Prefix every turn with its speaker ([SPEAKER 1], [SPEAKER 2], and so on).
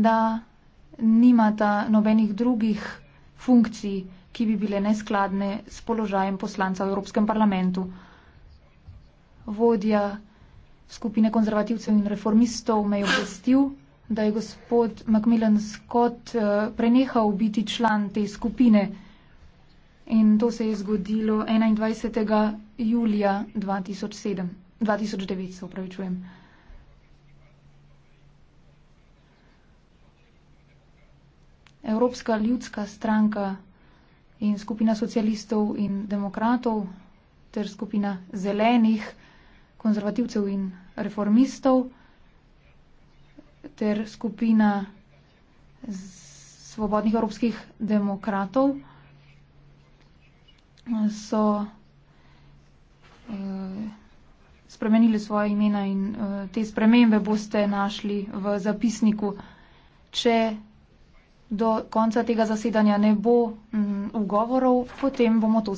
[SPEAKER 1] da nimata nobenih drugih funkcij, ki bi bile neskladne s položajem poslanca v Evropskem parlamentu. Vodja skupine konzervativcev in reformistov me je obvestil, da je gospod Macmillan Scott eh, prenehal biti član te skupine in to se je zgodilo 21. julija 2007, 2009. Evropska ljudska stranka in skupina socialistov in demokratov ter skupina zelenih, konzervativcev in reformistov ter skupina svobodnih evropskih demokratov so eh, spremenili svoje imena in eh, te spremembe boste našli v zapisniku. Če do konca tega zasedanja ne bo mm, ugovorov,
[SPEAKER 2] potem bomo to.